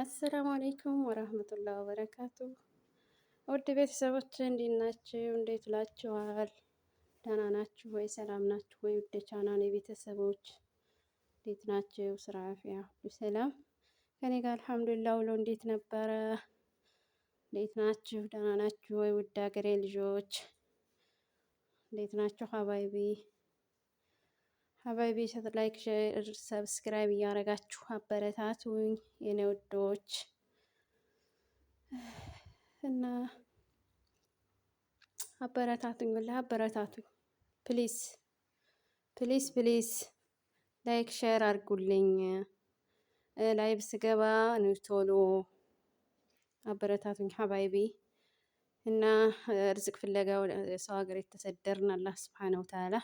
አሰላሙ አሌይኩም ወራህመቱላ ወበረካቱ። ውድ ቤተሰቦች እንዴት ናችሁ? እንዴት ላችኋል? ደህና ናችሁ ወይ? ሰላም ናችሁ ወይ? ውድ ቻናል ቤተሰቦች እንዴት ናችሁ? ስራ አፍያ፣ ሁሉ ሰላም ከኔ ጋር አልሐምዱላ። ውሎ እንዴት ነበረ? እንዴት ናችሁ? ደህና ናችሁ ወይ? ውድ ሀገሬ ልጆች እንዴት ናችሁ? ሀባይቢ ሀባይ ቤተት ላይክ ሼር ሰብስክራይብ እያደረጋችሁ አበረታቱኝ የኔ ወዶች እና አበረታቱኝ ወላ አበረታቱኝ ፕሊስ ፕሊስ ፕሊስ ላይክ ሼር አድርጉልኝ። ላይቭ ስገባ ቶሎ አበረታቱኝ ሀባይቢ እና ርዝቅ ፍለጋ ሰው ሀገር የተሰደርን አላህ ስብሓነሁ ወተዓላ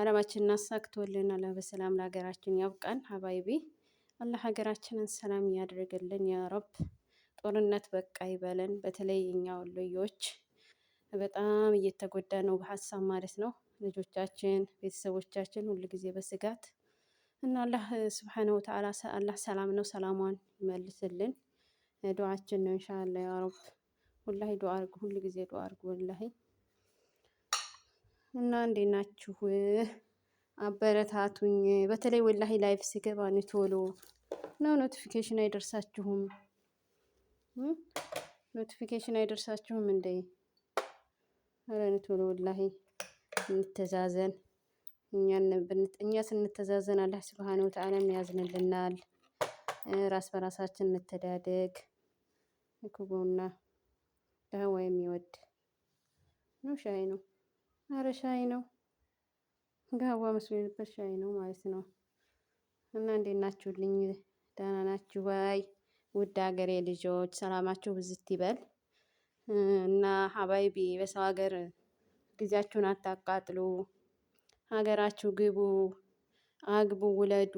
አለማችንን አሳክቶልናል። በሰላም ለሀገራችን ያብቃን። ሀባይቢ አላህ ሀገራችንን ሰላም እያደረገልን የአረብ ጦርነት በቃ ይበለን። በተለይ እኛ ወሎዮች በጣም እየተጎዳ ነው በሀሳብ ማለት ነው። ልጆቻችን፣ ቤተሰቦቻችን ሁሉ ጊዜ በስጋት እና አላህ ስብሓነ ወተዓላ አላህ ሰላም ነው፣ ሰላሟን ይመልስልን። ዱዓችን ነው እንሻላ ያ ረብ። ወላሂ ዱዓ ሁሉ ጊዜ ዱዓ አድርጉ ወላሂ እና እንዴት ናችሁ? አበረታቱኝ። በተለይ ወላሂ ላይፍ ሲገባ ነው ቶሎ ነው ኖቲፊኬሽን አይደርሳችሁም፣ ኖቲፊኬሽን አይደርሳችሁም እንዴ? ኧረ ነው ቶሎ ወላሂ እንተዛዘን። እኛ ስንተዛዘን አላህ ስብሃነ ወተዓላም ያዝንልናል። ራስ በራሳችን እንተዳደግ። ክቡና ደህዋ የሚወድ ነው ሻይ ነው። አረ ሻይ ነው ጋዋ መስሎ የነበር ሻይ ነው ማለት ነው። እና እንዴት ናችሁልኝ? ደህና ናችሁ ወይ? ውድ ሀገሬ ልጆች ሰላማችሁ ብዝት ይበል እና ሀባይቢ በሰው ሀገር ጊዜያችሁን አታቃጥሉ። ሀገራችሁ ግቡ፣ አግቡ፣ ውለዱ።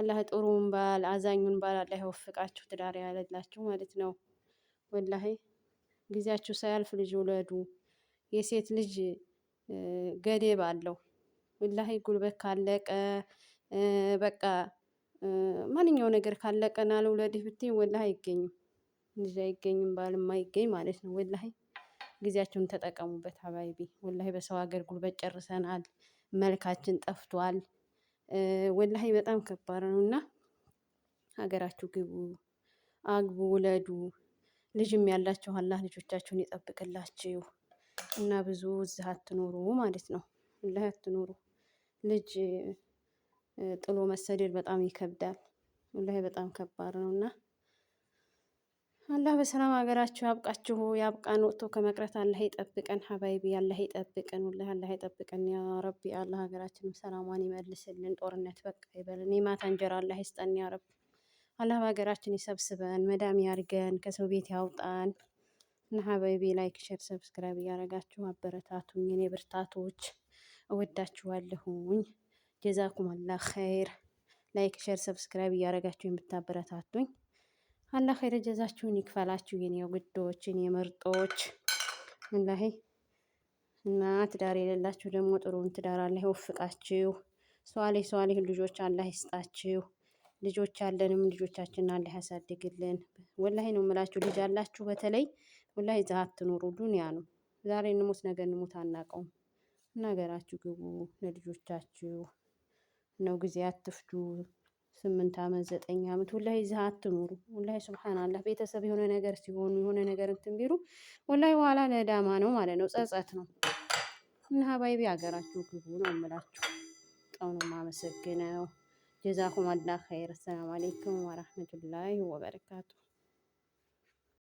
አላህ ጥሩን ባል አዛኙን ባል አላህ ይወፍቃችሁ፣ ትዳር ያለላችሁ ማለት ነው። ወላሂ ጊዜያችሁ ሳያልፍ ልጅ ውለዱ። የሴት ልጅ ገደብ አለው። ወላሂ ጉልበት ካለቀ በቃ ማንኛው ነገር ና ለውለድህ ብትይ ወላሂ አይገኝም ልጅ አይገኝም ባልም አይገኝ ማለት ነው። ወላሂ ጊዜያችሁን ተጠቀሙበት ሀባይቢ። ወላሂ በሰው ሀገር ጉልበት ጨርሰናል፣ መልካችን ጠፍቷል። ወላሂ በጣም ከባድ ነው እና ሀገራችሁ ግቡ፣ አግቡ፣ ውለዱ። ልጅም ያላችሁ አላህ ልጆቻችሁን ይጠብቅላችሁ። እና ብዙ እዚህ አትኖሩ ማለት ነው። ላይ አትኖሩ። ልጅ ጥሎ መሰደድ በጣም ይከብዳል። ላይ በጣም ከባድ ነው እና አላህ በሰላም ሀገራችሁ ያብቃችሁ። ያብቃን ወጥቶ ከመቅረት አላህ ይጠብቀን። ሀባይቢ አላህ ይጠብቀን። ወላሂ አላህ ይጠብቀን። ያ ረቢ አላህ ሀገራችንም ሰላሟን ይመልስልን። ጦርነት በቃ ይበልን። የማታ እንጀራ አላህ ይስጠን። ያ ረቢ አላህ በሀገራችን ይሰብስበን። መዳም ያርገን። ከሰው ቤት ያውጣን። እና ሀበይቤ ላይክ፣ ሸር፣ ሰብስክራይብ እያረጋችሁ አበረታቱኝ። የኔ ብርታቶች እወዳችኋለሁኝ። ጀዛኩም አላህ ኸይር። ላይክ፣ ሸር፣ ሰብስክራይብ እያረጋችሁ የምታበረታቱኝ አላህ ኸይር ጀዛችሁን ይክፈላችሁ። የኔ ውዶች፣ የኔ ምርጦች ላይ እና ትዳር የሌላችሁ ደግሞ ጥሩን ትዳር አላህ ይወፍቃችሁ። ሷሌ ሷሌ ልጆች አላህ ይስጣችሁ። ልጆች አለንም ልጆቻችንን አላህ ያሳድግልን። ወላሂ ነው የምላችሁ። ልጅ አላችሁ በተለይ ወላሂ እዛ አትኖሩ ዱኒያ ነው። ዛሬ እንሞት ነገ እንሞት አናውቀውም። እና ግቡ ለልጆቻችሁ ነው ጊዜ አትፍጁ። ስምንት ዓመት ዘጠኝ ዓመት ወላ እዛ አትኖሩ። ወላ ሱብሃናላህ ቤተሰብ የሆነ ነገር ሲሆኑ የሆነ ነገር እንትን ቢሉ ወላ በኋላ ለዳማ ነው ማለት ነው፣ ጸጸት ነው። እና ሀባይቢ ሀገራችሁ ግቡ ነው የምላችሁ። በጣም ነው የማመሰግነው። ጀዛኩም አላህ ኸይር። አሰላሙ አሌይኩም ወረህመቱላሂ ወበረካቱ።